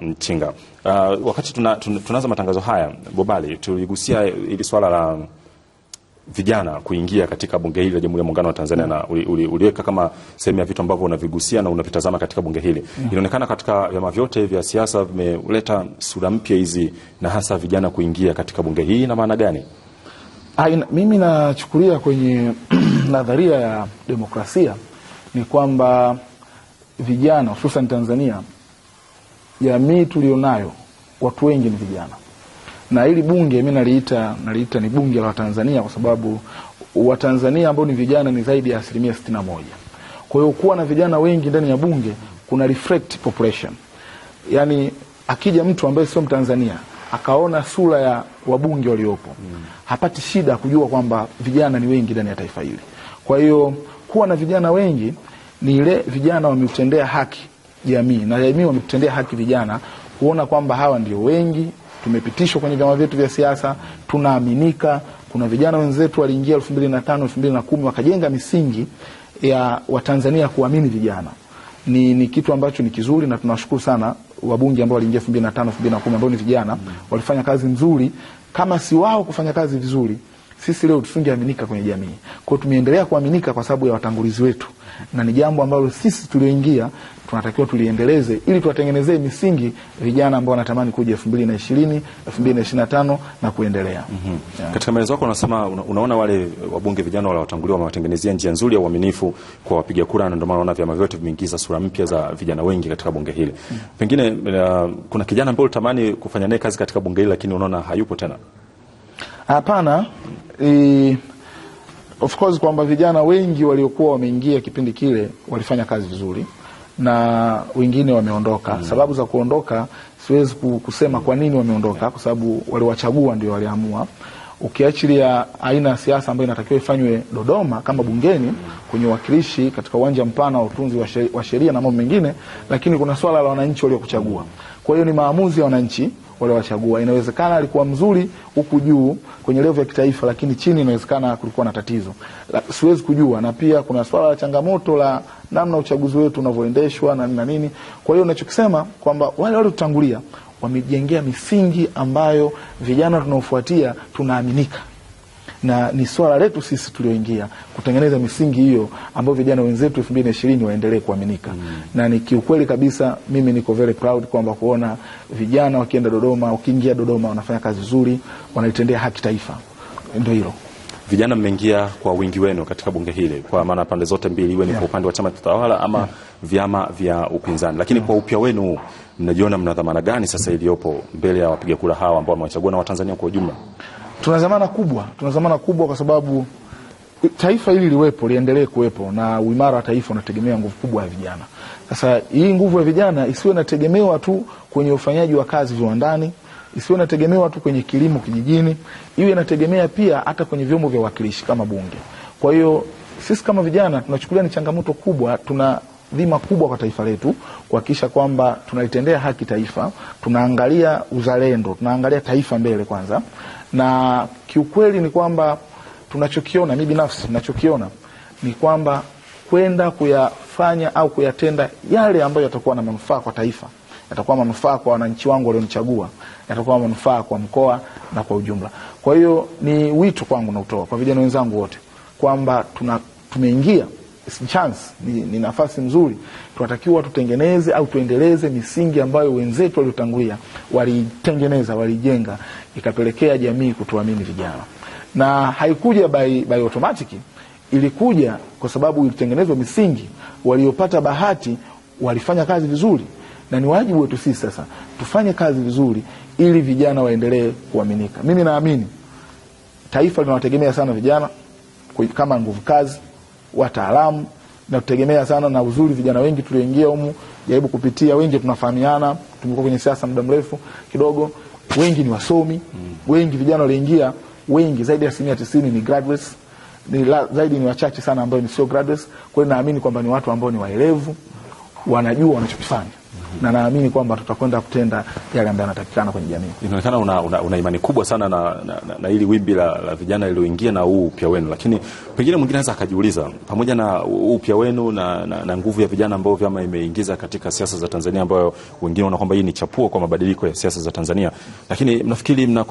Mchinga, uh, wakati tuna, tuna, tunaanza matangazo haya Bobali, tuligusia ili swala la vijana kuingia katika bunge hili la Jamhuri ya Muungano wa Tanzania mm. na uliweka uli, kama sehemu ya vitu ambavyo unavigusia na unavitazama katika bunge hili mm. Inaonekana katika vyama vyote vya siasa vimeleta sura mpya hizi na hasa vijana kuingia katika bunge hili, na maana gani? Aina, ah, mimi nachukulia kwenye nadharia ya demokrasia ni kwamba vijana hususan Tanzania jamii tulionayo watu wengi ni vijana, na hili bunge mi naliita naliita ni bunge la Watanzania kwa sababu Watanzania ambao ni vijana ni zaidi ya asilimia sitini na moja. Kwa hiyo kuwa na vijana wengi ndani ya bunge kuna reflect population, yaani, akija mtu ambaye sio Mtanzania akaona sura ya wabunge waliopo hapati shida kujua kwamba vijana ni wengi ndani ya taifa hili. Kwa hiyo kuwa na vijana wengi ni ile vijana wameutendea haki jamii na jamii wametutendea haki vijana kuona kwamba hawa ndio wengi, tumepitishwa kwenye vyama vyetu vya siasa, tunaaminika. Kuna vijana wenzetu waliingia elfu mbili na tano elfu mbili na kumi wakajenga misingi ya Watanzania kuamini vijana ni, ni kitu ambacho ni kizuri na tunawashukuru sana wabunge ambao waliingia elfu mbili na tano elfu mbili na kumi ambao ni vijana mm. walifanya kazi nzuri. Kama si wao kufanya kazi vizuri, sisi leo tusingeaminika kwenye jamii. kwao tumeendelea kuaminika kwa sababu ya watangulizi wetu, na ni jambo ambalo sisi tulioingia tunatakiwa tuliendeleze ili tuwatengenezee misingi vijana ambao wanatamani kuja elfu mbili na ishirini elfu mbili na ishirini na tano na kuendelea. mm -hmm. yeah. Katika maelezo yako unasema una, unaona wale wabunge vijana wale watangulia wamewatengenezea njia nzuri ya uaminifu kwa wapiga kura, na ndio maana unaona vyama vyote vimeingiza sura mpya za vijana wengi katika bunge hili. mm -hmm. Pengine uh, kuna kijana ambaye ulitamani kufanya naye kazi katika bunge hili lakini unaona hayupo tena? Hapana. E, of course kwamba vijana wengi waliokuwa wameingia kipindi kile walifanya kazi vizuri na wengine wameondoka. mm -hmm. Sababu za kuondoka siwezi kusema kwa nini wameondoka, kwa sababu waliwachagua ndio waliamua. Ukiachilia aina ya siasa ambayo inatakiwa ifanywe Dodoma kama bungeni kwenye uwakilishi katika uwanja mpana wa utunzi wa sheria na mambo mengine, lakini kuna swala la wananchi waliokuchagua. Kwa hiyo ni maamuzi ya wananchi waliowachagua. Inawezekana alikuwa mzuri huku juu kwenye levo ya kitaifa, lakini chini inawezekana kulikuwa na tatizo, siwezi kujua. Na pia kuna swala la changamoto la namna uchaguzi wetu unavyoendeshwa na nini na nini. Kwa hiyo nachokisema kwamba wale waliotutangulia wamejengea misingi ambayo vijana tunaofuatia tunaaminika na ni swala letu sisi tulioingia kutengeneza misingi hiyo ambayo vijana wenzetu elfu mbili na ishirini waendelee kuaminika mm. na ni kiukweli kabisa mimi niko very proud kwamba kuona vijana wakienda Dodoma, wakiingia Dodoma wanafanya kazi nzuri, wanaitendea haki taifa. ndo hilo vijana mmeingia kwa wingi wenu katika bunge hili, kwa maana pande zote mbili, iwe ni yeah. kwa upande wa chama tawala ama yeah. vyama vya upinzani, lakini yeah. kwa upya wenu mnajiona mna dhamana gani sasa iliyopo mbele ya wapiga kura hawa ambao wamewachagua na Watanzania kwa ujumla? tuna zamana kubwa, tuna zamana kubwa kwa sababu taifa hili liwepo, liendelee kuwepo, na uimara wa taifa unategemea nguvu kubwa ya vijana. Sasa hii nguvu ya vijana isiwe inategemewa tu kwenye ufanyaji wa kazi viwandani, isiwe inategemewa tu kwenye kilimo kijijini, iwe inategemea pia hata kwenye vyombo vya uwakilishi kama Bunge. Kwa hiyo sisi kama vijana tunachukulia ni changamoto kubwa, tuna dhima kubwa kwa taifa letu kuhakikisha kwamba tunalitendea haki taifa, tunaangalia uzalendo, tunaangalia taifa mbele kwanza, na kiukweli ni kwamba tunachokiona, mi binafsi nachokiona ni kwamba kwenda kuyafanya au kuyatenda yale ambayo yatakuwa na manufaa kwa taifa, yatakuwa manufaa kwa wananchi wangu walionichagua, yatakuwa manufaa kwa mkoa na kwa ujumla. Kwa hiyo ni wito kwangu nautoa kwa vijana wenzangu wote kwamba tuna tumeingia chance ni, ni nafasi nzuri. Tunatakiwa tutengeneze au tuendeleze misingi ambayo wenzetu waliotangulia walitengeneza, walijenga, ikapelekea jamii kutuamini vijana, na haikuja by, by automatic. Ilikuja kwa sababu ilitengenezwa misingi, waliopata bahati walifanya kazi vizuri, na ni wajibu wetu sisi sasa tufanye kazi vizuri ili vijana waendelee kuaminika. Mimi naamini taifa linawategemea sana vijana kama nguvu kazi wataalamu na tutegemea sana na uzuri, vijana wengi tulioingia humu, jaribu kupitia, wengi tunafahamiana, tumekuwa kwenye siasa muda mrefu kidogo, wengi ni wasomi mm. wengi vijana walioingia, wengi zaidi ya asilimia tisini ni graduates ni la, zaidi ni wachache sana ambayo ni sio graduates. Kwa hiyo naamini kwamba ni watu ambao ni waelevu, wanajua wanachokifanya na naamini kwamba tutakwenda kutenda yale ambayo yanatakikana kwenye jamii. Inaonekana una, una, una imani kubwa sana na, na, na, na hili wimbi la, la vijana lilioingia na huu upya wenu, lakini pengine mwingine anaweza akajiuliza, pamoja na huu upya wenu na, na, na nguvu ya vijana ambayo vyama imeingiza katika siasa za Tanzania, ambayo wengine wanaona kwamba hii ni chapuo kwa mabadiliko ya siasa za Tanzania, lakini mnafikiri mna